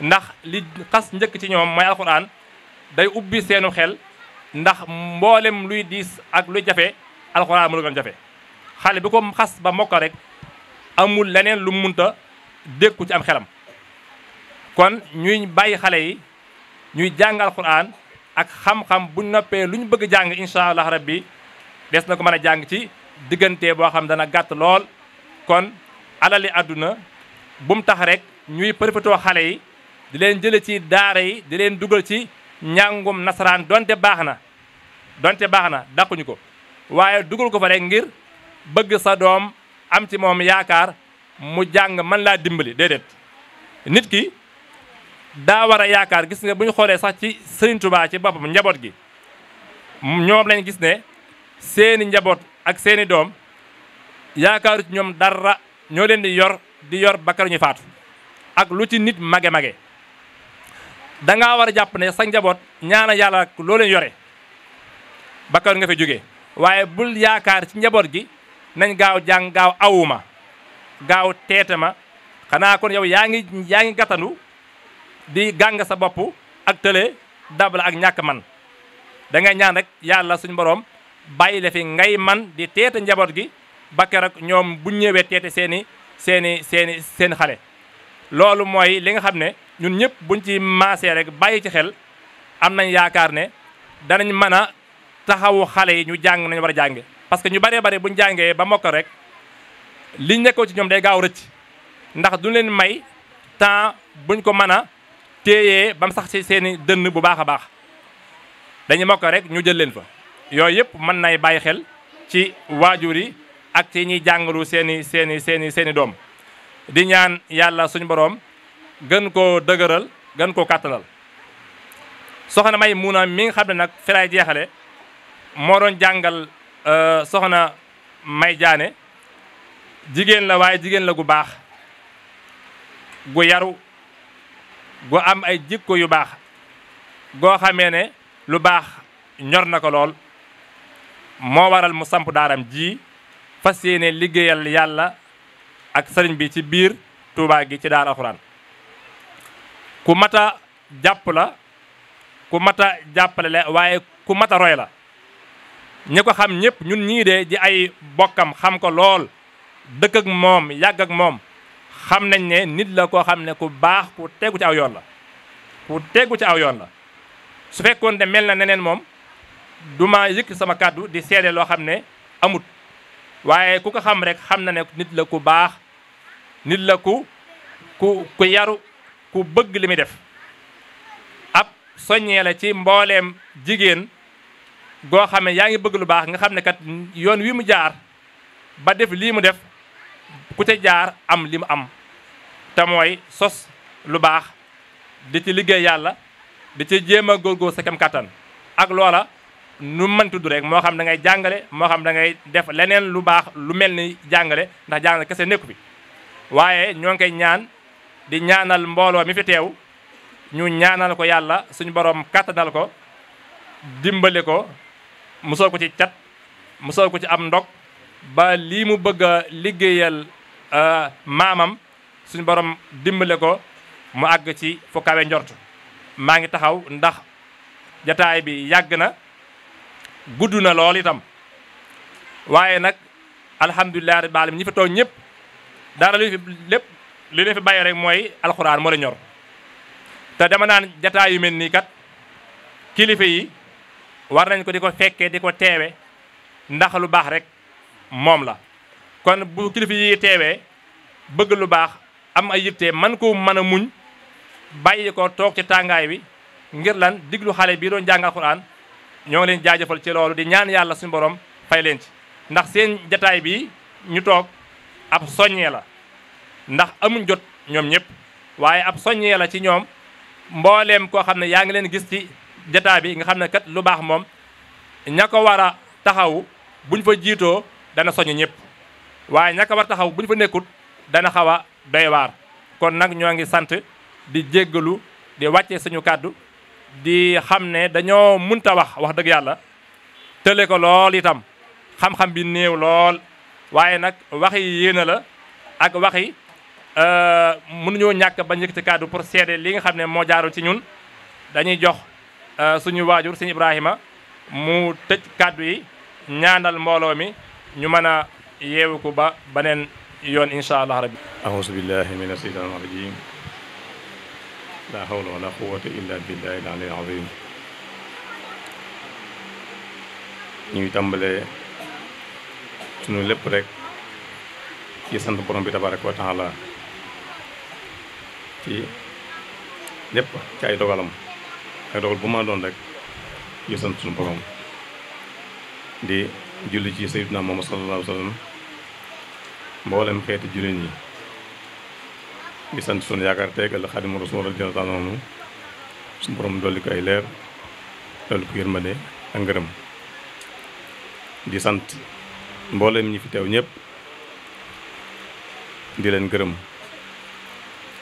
ndax li xas njëkk ci ñoom mooy alquran day ubbi seenu xel ndax mboolem luy diis ak luy jafe alquran mënu gën jafe xale bu ko xas ba mokkal rek amul leneen lu munta dékku ci am xelam kon ñuy bàyyi xale yi ñuy jàngal Alxuraan ak xam-xam bu noppee lu ñu bëgg jàng incha allah bi des na ko mën a jàng ci diggante boo xam dana gàtt lool kon alali àdduna bu mu tax rek ñuy përfetoo xale yi di leen jële ci daara yi di leen dugal ci njàngum nasaraan donte baax na donte baax na dàquñu ko waaye dugal ko fa rek ngir bëgg sa doom am ci moom yaakaar mu jàng man laa dimbali déedéet nit ki daa war a yaakaar gis nga bu ñu xoolee sax ci Serigne Touba ci mu njaboot gi ñoom lañ gis ne seeni njaboot ak seeni doom yaakaaru ci ñoom dara ñoo leen di yor di yor bakkar ñu faatu ak lu ci nit mage mage da war a jàpp ne sax njaboot ñaana yàlla loo leen yore bakkar nga fi jóge waaye bul yaakaar ci njaboot gi nañ gaaw jàng gaaw ma gaaw teete ma xanaa kon yow yaa ngi yaa ngi gàttandu di gàng sa bopp ak tële dabla ak ñàkk man dangay ngay ñaan rek yàlla suñ boroom bàyyi la fi ngay man di teete njaboot gi ba keroog ñoom bu ñëwee teete seeni seeni seeni seen xale loolu mooy li nga xam ne ñun ñëpp buñ ci maasee rek bàyyi ci xel am nañ yaakaar ne danañ mën a taxawu xale yi ñu jàng nañu war a jànge parce que ñu baree bare buñ jàngee ba mokk rek liñ nekkoo ci ñoom day gaaw rëcc ndax du leen may temps buñ ko mën a téeyee ba mu sax ci seeni dënn bu baax a baax dañu mokk rek ñu jël leen fa. yooyu yëpp mën nay bàyyi xel ci waajur yi ak ci ñuy jàngalu seeni seeni seeni seeni doom di ñaan yàlla suñu boroom gën koo dëgëral gën koo kàttanal soxna May Muuna mi nga xam ne nag fi jeexale moo doon jàngal. Euh, soxna May Jaane jigéen la waaye jigéen la gu baax gu yaru gu am ay jikko yu baax goo xamee ne lu baax ñor na ko lool moo waral mu samp daaram ji fas yéene liggéeyal yàlla ak sëriñ bi ci biir Tuubaa gi ci daara alxuraan ku mat jàpp la ku mat a jàppale la waaye ku mat a roy la ñi ko xam ñëpp ñun ñii de ji ay bokkam xam ko lool dëkk ak moom yàgg ak moom xam nañ ne nit la koo xam ne ku baax ku tegu ci aw yoon la ku tegu ci aw yoon la su fekkoon de mel na neneen moom du ma yëkk sama kàddu di seede loo xam ne amut waaye ku ko xam rek xam na ne nit la ku baax nit la ku ku ku yaru ku bëgg li muy def ab soññee la ci mbooleem jigéen goo xam ne yaa ngi bëgg lu baax nga xam ne kat yoon wi mu jaar ba def lii mu def ku ca jaar am li mu am te sos lu baax di ci liggéey yàlla di ci jéem a góorgóor sa kem kattan ak loola nu mën tudd rek moo xam da ngay jàngale moo xam da ngay def leneen lu baax lu mel ni jàngale ndax jàngale kese nekku bi waaye ñoo ngi koy ñaan di ñaanal mbooloo mi fi teew ñu ñaanal ko yàlla suñu borom kattanal ko dimbale ko musal ko ci cat musal ko ci am ndog ba lii mu bëgg a liggéeyal euh, maamam suñu borom dimbale ko mu àgg ci fu kawe njort maa ngi taxaw ndax jataay bi yàgg na gudd na lool itam waaye nag alhamdulilah rabbil alamin ñi fi toog ñëpp dara lu fi lépp li ne fi bàyyi rek mooy alxuraan moo la ñor te dama naan mel nii kat kilifa yi war nañ ko di ko fekkee di ko teewe ndax lu baax rek moom la kon bu kilifa yi teewee bëgg lu baax am ay yitte man ko mën a muñ bàyyi ko toog ci tàngaay bi ngir lan diglu xale bii doon jàng alxuraan ñoo ngi leen jaajëfal ci loolu di ñaan yàlla su mboroom fay leen ci ndax seen jataay bi ñu toog ab soññee la ndax amuñ jot ñoom ñëpp waaye ab soññee la ci ñoom mbooleem koo xam ne yaa ngi leen gis ci jataa bi nga xam ne kat lu baax moom ña ko war a taxaw buñ fa jiitoo dana soñu ñëpp waaye ña ko war taxaw buñ fa nekkut dana xaw a doy waar kon nag ñoo ngi sant di jéggalu di wàcce suñu kàddu di xam ne dañoo munta wax wax dëgg yàlla tële ko lool itam xam-xam bi néew lool waaye nag waxi yéene la ak waxi euh, mënuñoo ñàkk ba njëkk ci kàddu pour seede li nga xam ne moo jaarul ci ñun dañuy jox Euh, suñu waajur sëñ Ibrahima mu tëj kàddu ñaanal mbooloo mi ñu mën a yeewu ko ba beneen yoon incha allah rabbi aousu billahi min asheytaan rajim la hawla wala quwata illa billahi al aliyyil azim ñuy tàmbalee suñu lépp rek ci sant borom bi tabaraka wa lépp ci ay dogal bu ma doon rek ñu sant suñu borom di julli ci sayyidina Muhammad sallallahu alayhi wa sallam mboolem xeeti jullit ñi di sant suñu yaakaar teegal Xaadimu borom dolli ko ay leer dolli ko yërmande ak ngërëm di sant mboolem ñi fi teew ñëpp di leen gërëm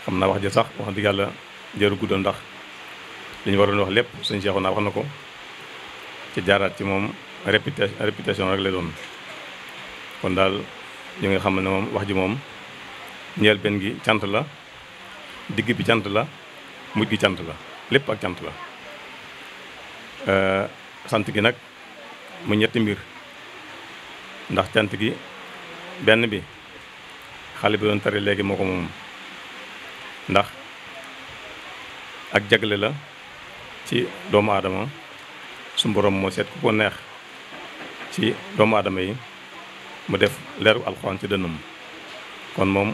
xam naa wax ja sax wax dëgg yàlla jëru guddal ndax li ñu waroon wax lépp suñu seexu naa wax na ko ci jaaraat ci moom réputé réputation rek la doon kon daal ñu ngi xam ne moom wax ji moom ñeel benn gi cant la digg bi cant la mujj gi cant la lépp ak cant la euh, sant gi nag mu ñetti mbir ndax cant gi benn bi xale bi doon tari léegi moo ko moom ndax ak jagle la ci doomu aadama su borom moo seet ku ko neex ci doomu aadama yi mu def leeru alxuraan ci dënnam kon moom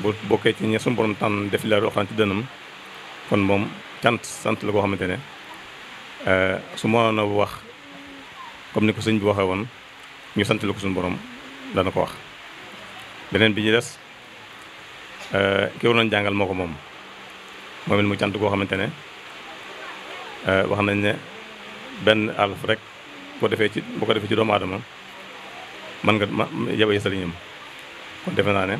bu bokkee ci ñi su borom tànn def leeru alxuraan dënnam kon moom cant sant la koo xamante ne euh, su mënoon a wax comme ni ko sëñ bi waxee woon ñu sant la ko suñu borom dana ko wax beneen bi ñu des euh, ki waroon jàngal moo ko moom moom it mu cant koo xamante ne Eh, wax nañ ne benn alf rek boo defee ci boo ko defee ci doomu adama mën nga ma yabay sëriñam kon defe naa ne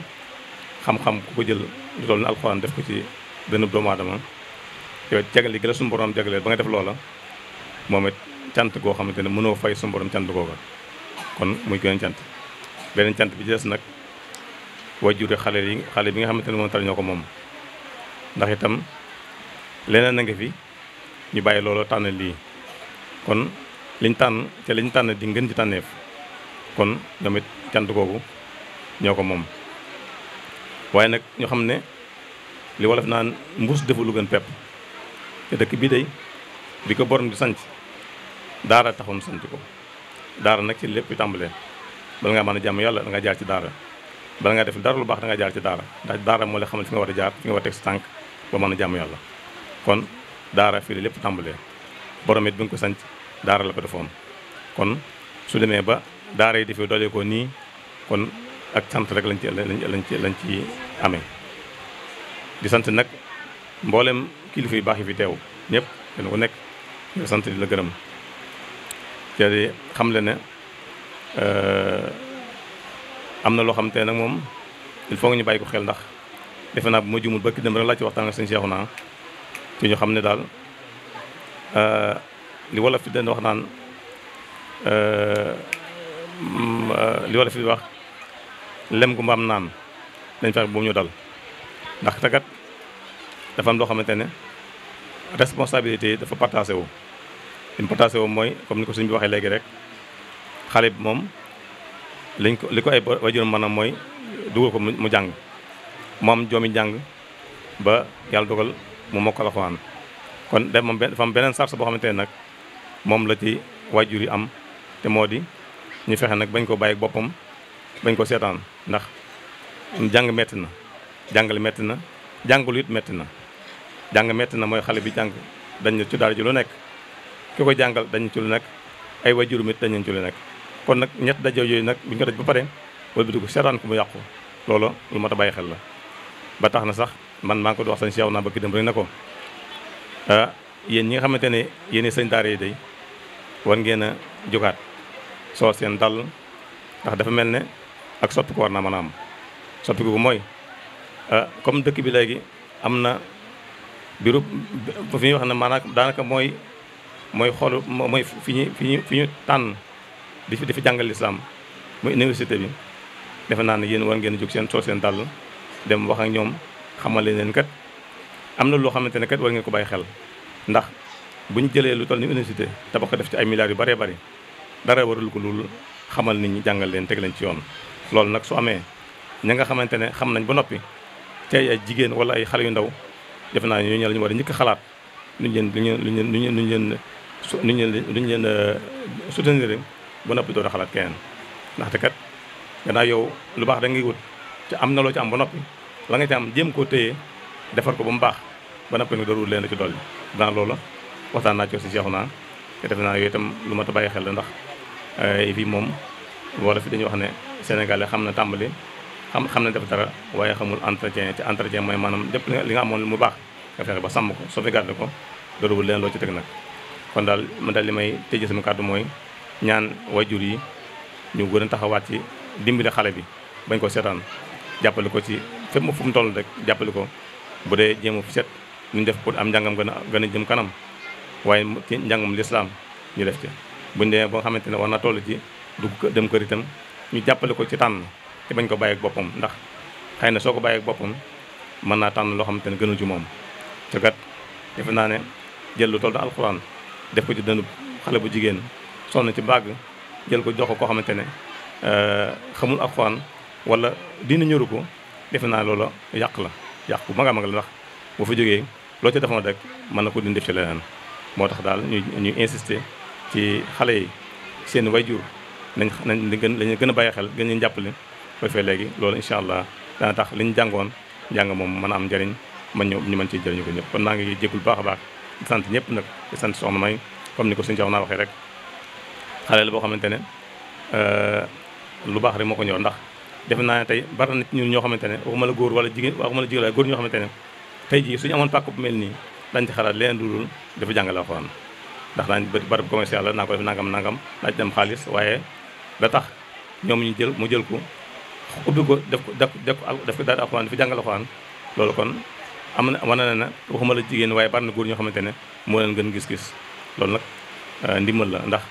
xam-xam ku ko jël lu toll ne alxuraan def ko ci benn doomu aadama yow jagle gi la suñu borom ba nga def loola moom it cant goo xamante ne mënoo fay suñu borom cant googa kon muy gën cant beneen cant bi ci nag nag wajuri xale yi xale bi nga xamante ne moom tar ñoo ko moom ndax itam leneen na nga fi ñu bàyyi loolu tànn lii kon liñ tànn te liñ tànn di ngeen ci tànneef kon ñoom jant cant googu ñoo ko moom waaye nag ñu xam ne li wolof naan mbuus defu lu gën pepp te dëkk bii dey bi ko borom di sanc daara taxoon sanc ko daara nag ci lépp tàmbalee bala ngaa mën jàmm yàlla danga nga jaar ci daara bala nga def dara lu baax da nga jaar ci daara ndax daara moo lay xamal fi nga war a jaar fi nga war teg sa tànk ba mën a jàmm yàlla daara fii la lépp tàmbalee borom bi nga ko sanc daara la ko defoon kon su demee ba daara yi dafay doole ko nii kon ak sant rek lañ ci lañ ci lañ amee di sant nag mboolem kilifa yu baax yi fi teew ñëpp kenn ku nekk di sant di la gërëm te di xam le ne euh, am na loo xam te nag moom il faut nga ñu bàyyi ko xel ndax defe naa bu ma jumul bëkk dem rek laa ci waxtaan ak sëñ naa ci ñu xam ne daal euh, li wolof fi dañ wax naan euh, li wolof fi wax lem gu mbaam naan dañ fexe bu ñu dal ndax takat dafa am loo xamante ne responsabilité dafa partagé wu li mu partagé mooy comme ni ko suñ bi waxee léegi rek xale bi moom liñ ko li ko ay wajuram maanaam mooy dugal ko mu jàng mu am joomi jàng ba yàlla dogal mu mokkal alxuraan kon def moom dafa am beneen sart boo xamante nag moom la ci waajur yi am te moo di ñu fexe nag bañ ko bàyyi boppam bañ ko seetaan ndax jàng metti na jàngal metti na jàngalu metti na jàng metti na mooy xale bi jàng dañ ci daara ji lu nekk ki ko jàngal dañ ci lu nekk ay waajur mit dañ ci lu nekk kon nag ñett dajo jooy nag bu ñu ko daj ba pare wala bi di ko seetaan ko mu yàqu loolu lu mat a bàyyi xel la ba tax na sax man maa ngi ko di wax sëñ Cheikh naa ba ki dem na ko ah yéen ñi nga xamante ne yéen sëñ daara yi day war ngeen a jógaat soo seen dàll ndax dafa mel ne ak soppi ko war naa mën a am soppi ko mooy ah, comme dëkk bi léegi am na biiru fi ñuy wax ne maanaam daanaka mooy mooy xoolu mooy fi ñu fi ñu fi ñu tànn di fi di fi jàngal lislaam muy université bi defe naa ne yéen war ngeen jóg seen soo seen dàll dem wax ak ñoom. xamale leen kat am na loo xamante ne kat war ngeen ko bàyyi xel ndax bu ñu jëlee lu toll ni université tabax ko def ci ay milliards yu bëree bari dara warul ko loolu xamal nit ñi jàngal leen teg leen ci yoon. loolu nag su amee ña nga xamante ne xam nañ ba noppi tey ay jigéen wala ay xale yu ndaw def naa ñooñu la ñu war a njëkk xalaat nu ñu leen nu ñu leen nu ñu leen nu ñu leen nu ñu leen euh, ba noppi doo a xalaat keneen ndaxte kat gannaaw yow lu baax da ngay wut te am na loo ci am ba noppi. la nga ci am jéem koo téye defar ko ba mu baax ba noppi nag dootul leen la ci dolli. dans loolu waxtaan naa ci aussi jeexu naa te defe naa yooyu itam lu mat a bàyyi xel la ndax fii euh, moom wala fi dañuy wax ne Sénégalais xam na tàmbali xam xam na def dara waaye xamul entretien ci entretien mooy maanaam lépp li nga amoon mu baax nga fexe ba sàmm ko sauvegarde ko dootul leen loo ci teg nag. kon daal man daal li may tëjee sama kàddu mooy ñaan wayjur yi ñu gën a taxawaat ci dimbali xale bi bañ ko seetaan jàppale ko ci. fépp mu fu mu toll rek jàppale ko bu dee jéem a set ñu def pour am njàngam gën a gën a jëm kanam waaye ci njàngam lislaam ñu def ci buñ demee ba xamante ne war na toll ci dugg dem kër itam ñu jàppale ko ci tànn te bañ ko bàyyi boppam ndax xëy na soo ko bàyyi boppam mën naa tànn loo xamante ne gënul ci moom te kat defe naa ne jël lu toll na alxuraan def ko ci dënub xale bu jigéen sonn ci bàgg jël ko jox ko koo xamante ne euh, xamul alxuraan walla dina ñëru ko defe naa loola yàq la yàq bu mag a mag la ndax boo fa jógee loo ca defoon rek mën na ko dindi def ci leneen moo tax daal ñuy ñu insister ci xale yi seen wayjur nañ nañ gën lañu gën a bàyyi xel gën ñu jàppale ko fee léegi loolu incha allah dana tax li ñu jàngoon jàng moom mën a am njëriñ ma ñëw ñu mën ci jëriñu ko ñëpp kon naa ngi jéggul baax a baax di sant ñëpp nag di sant soxna may comme ni ko suñu jox naa waxee rek xale la boo xamante ne euh, lu baax re moo ko ñor ndax defe naa tey bari na ci ñun ñoo xamante ne waxuma la góor wala jigéen waxuma la jigéen waaye góor ñoo xamante ne tey jii suñu amoon pàkk bu mel nii dañ ci xalaat leneen dudul dafa jàngale alxuraan ndax daañ barab commercial la naa ko def nangam nangam daa ci dem xaalis waaye da tax ñoom ñu jël mu jël ko ubbi ko def ko def def ko daal alxuraan dafa jàngale alxuraan loolu kon am na wane na ne waxuma la jigéen waaye bari na góor ñoo xamante ne moo leen gën gis-gis loolu nag euh, ndimbal la ndax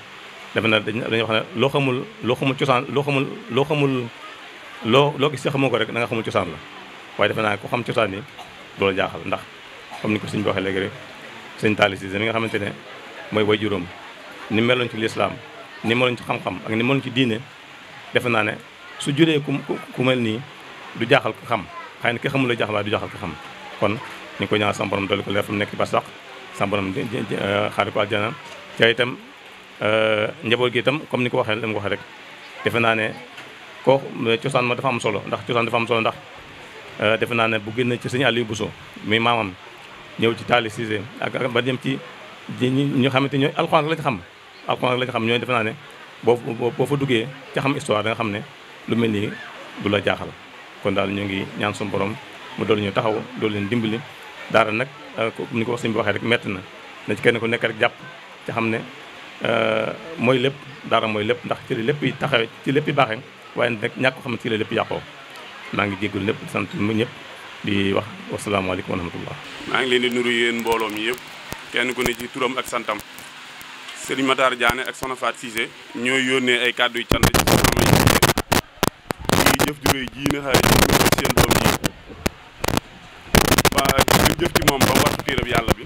defe na dañuy wax ne loo xamul loo xamul loo xamul loo loo gis ci xamoo ko rek da nga xamul cosaan la waaye defe naa ko xam cosaan yi loolu jaaxal ndax comme ni ko sëñ bi waxee léegi rek sëñ Talla Cissé mi nga xamante ne mooy way juróom ni meloon ci lislaam ni meloon ci xam-xam ak ni meloon ci diine defe naa ne su juree ku ku mel nii du jaaxal ko xam xëy na ki xamul la jaaxal waaye du jaaxal ko xam kon ni ko ñaan sama borom ko leer fa mu nekk ba sax sama borom euh, xaari ko aljana ca itam euh, njaboot gi itam comme ni ko waxee la waxee rek kooku cosaan ma dafa am solo ndax cosaan dafa am solo ndax euh, defe naa ne bu génne ci sëñ Aliou Bousso muy maamam ñëw ci taali Cissé ak ba dem ci ñi ñu xamante ñooy alxuraan la ci xam alxuraan la xam ñooy defe naa ne boo boo fa duggee ca xam histoire da nga xam ne lu mel nii du la jaaxal kon daal ñu ngi ñaan suñu borom mu doolu ñu taxaw doolu leen dimbali daara nag euh, ni ko sëñ bi waxee rek metti na na kenn ku nekk rek jàpp ca xam ne euh, mooy lépp daara mooy lépp ndax ci lépp yi taxawee ci lépp yi baaxee waaye nag ñàkk ko xam ne fii lépp yàqoo maa ngi jégalu lépp di sant mu ñëpp di wax wasalaamaaleykum wa rahmatullah maa ngi leen di nuru yéen mbooloo mi kenn ku ne ci turam ak santam Serigne Matar Diané ak sono Faat Cissé ñooy yónnee ay kàddu yu cant ci sama yi jëf ju réy ji jëf ci moom ba war téerab yàlla bi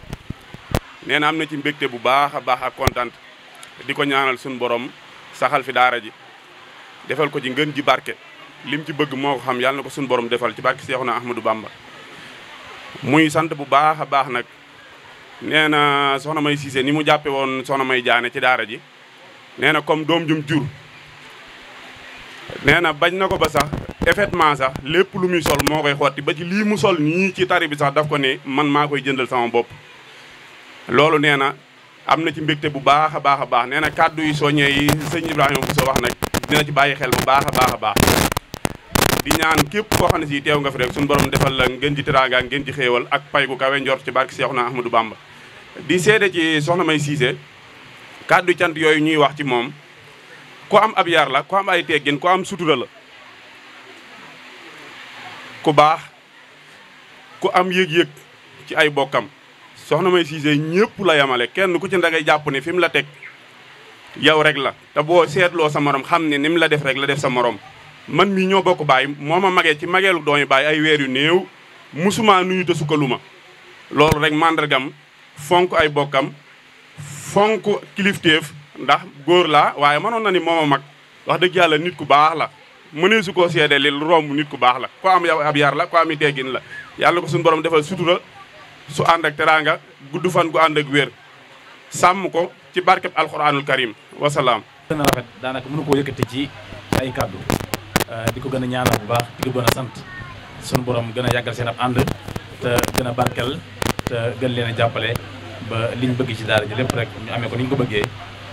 nee na na ci mbégte bu baax a baax ak kontaan di ko ñaanal suñu boroom saxal fi daara ji defal ko ci ngën ji barke lim ci bëgg moo xam yàlla na ko suñu borom defal ci barke Seexuna Ahmadou Bamba muy sant bu baax a baax nag nee na soxna may Cissé ni mu jàppe woon soxna may jaane ci daara ji nee na comme doom jum jur nee na bañ na ko ba sax effectivement sax lépp lu muy sol moo koy xotti ba ci lii mu sol nii ci tari bi sax daf ko ne man maa koy jëndal sama bopp loolu nee na am na ci mbégte bu baax a baax a baax nee na kàddu yi soññee yi sëñ Ibrahima Bousso dina ci bàyyi xel bu baaxa a baax a baax di ñaan képp koo xam ne si teew nga fi rek suñu borom defal la ngeen ji teraanga ngeen ji xéewal ak pay gu kawe njort ci barke Seexuna Ahmadou Bamba di seede ci soxna May Siise kàddu cant yooyu ñuy wax ci moom ku am ab yar la ku am ay teggin ku am sutura la ku baax ku am yëg-yëg ci ay bokkam soxna May Siise ñëpp la yamale kenn ku ci ndagay jàpp ne fi mu la teg yow rek la te boo seetloo sa moroom xam ne ni mu la def rek la def sa moroom man mii ñoo bokk baay moo ma magee ci mageelu doomi baay ay weer yu néew musuma nuyu te sukkalu ma loolu rek màndargam fonk ay bokkam fonk kilifteef ndax góor laa waaye mënoon na ni moo ma mag wax dëgg yàlla nit ku baax la mënee su koo seede li lu romb nit ku baax la ko am yow ab yar la ko am i teggin la yàlla ko suñu borom defal sutura su ànd ak teraanga gudd fan gu ànd ak wér sàmm ko ci barkeb alxuraanul wasalaam. gën a rafet daanaka mënu koo yëkkati ci ay kàddu euh, di ko gën a ñaanal bu baax di ko gën a sant sunu borom gën a yàggal seen ab ànd te gën a barkel te gën leen a jàppale ba liñ bëgg ci daal ji lépp rek ñu amee ko ni ñu ko bëggee.